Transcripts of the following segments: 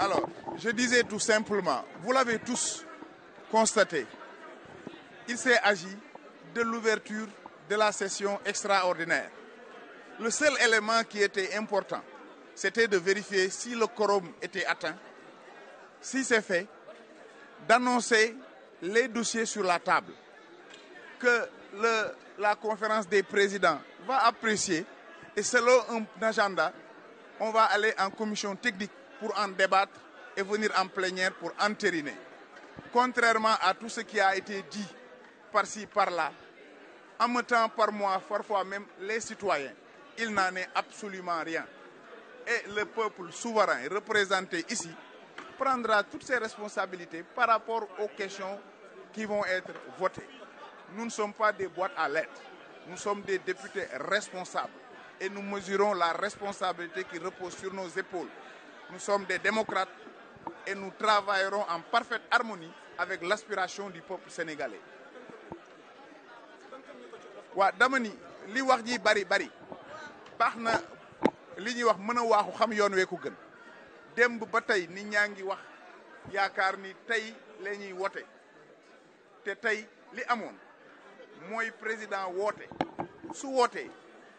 Alors, je disais tout simplement, vous l'avez tous constaté, il s'est agi de l'ouverture de la session extraordinaire. Le seul élément qui était important, c'était de vérifier si le quorum était atteint, si c'est fait, d'annoncer les dossiers sur la table, que le, la conférence des présidents va apprécier et selon un agenda, on va aller en commission technique pour en débattre et venir en plénière pour entériner. Contrairement à tout ce qui a été dit par-ci, par-là, en me temps par moi, parfois même les citoyens, il n'en est absolument rien. Et le peuple souverain représenter ici prendra toutes ses responsabilités par rapport aux questions qui vont être votées. Nous ne sommes pas des boîtes à lettres. Nous sommes des députés responsables et nous mesurons la responsabilité qui repose sur nos épaules. Nous sommes des démocrates e nous travaillerons en parfaite harmonie avec l'aspiration du peuple sénégalais. waa dama ni li wax ji bari bari baax na li ñuy wax mën a waaxu xam yoon wee ko gën démb ba tey ni ñaa ngi wax yaakaar ni tey la ñuy woote te tey li amoon mooy président woote su wootee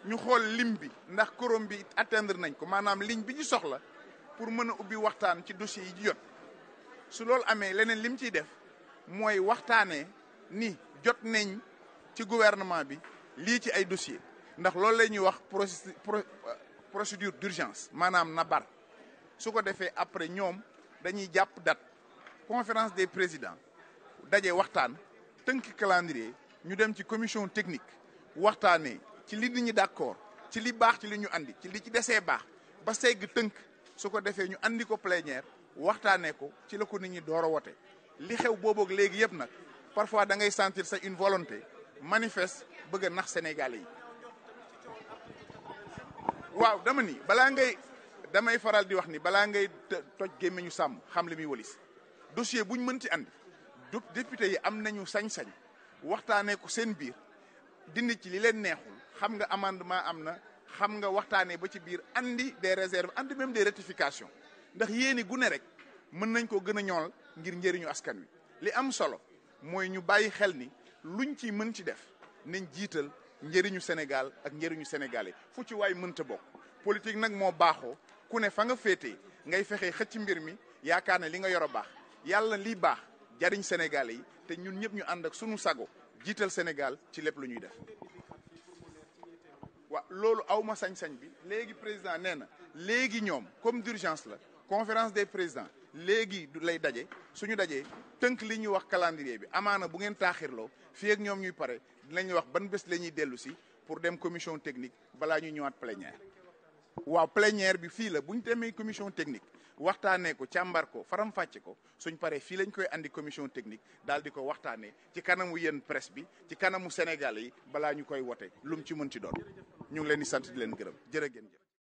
ñu xool lim bi ndax korom bi attendre nañ ko maanaam ligne bi ñu soxla pour mën a ubbi waxtaan ci dossiers yi jot su loolu amee leneen lim ciy def mooy waxtaanee ni jot nañ ci gouvernement bi lii ci ay dossiers ndax loolu la ñuy wax euh, procédure d'urgence maanaam nabar su ko defee après ñoom dañuy jàpp date conférence des présidents daje waxtaan tënk calendrier ñu dem ci commission technique waxtaanee ci li nit ñi d'accord ci li baax ci li ñu andi ci li ci desee baax ba segg tënk su ko defee ñu andi ko plénière waxtaanee ko ci la ko nit ñi door a wote li xew booboog léegi yëpp nag parfois da ngay sentir sa une volonté manifeste bëgg a nax Sénégalais yi. waaw dama ni balaa ngay damay faral di wax ni balaa ngay toj gémmiñu sàmm xam li mi wëlis dossier buñ mënti andi du député yi am nañu sañ-sañ waxtaanee ko seen biir dindi ci li leen neexul xam nga amendement am na. xam nga waxtaanee ba ci biir andi des réserves andi même des rectifications ndax yéeni gune rek mën nañ koo gën a ñool ngir njëriñu askan wi li am solo mooy ñu bàyyi xel ni luñ ci mën ci def nañ jiital njëriñu Sénégal ak njëriñu sénégalais fu ci waay mënta bokk politique nag moo baaxoo ku ne fa nga féete ngay fexe xëcc mbir mi yaakaar ne li nga yor a baax yàlla lii baax jariñ sénégalais yi te ñun ñëpp ñu ànd ak sunu sago jiital Sénégal ci lépp lu ñuy def loolu aw ma sañ-sañ bi léegi président nee na léegi ñoom comme d'urgence la conférence des président léegi du lay daje suñu dajee tënk li ñuy wax calendrier bi amaana bu ngeen taaxirloo fii ak ñoom ñuy pare dinañ wax ban bés la ñuy dellu si pour dem commission technique balaa ñu ñëwaat plénière. waaw plénière bi fii la bu ñu demee commission technique waxtaanee ko càmbar ko faram-fàcce ko suñ paree fii lañ koy andi commission technique daal di ko waxtaanee ci kanamu yéen presse bi ci kanamu Sénégal yi balaa ñu koy wote lu mu mën ci doon. ñu ngi leen di sant di leen gërëm jërë ngeen jëf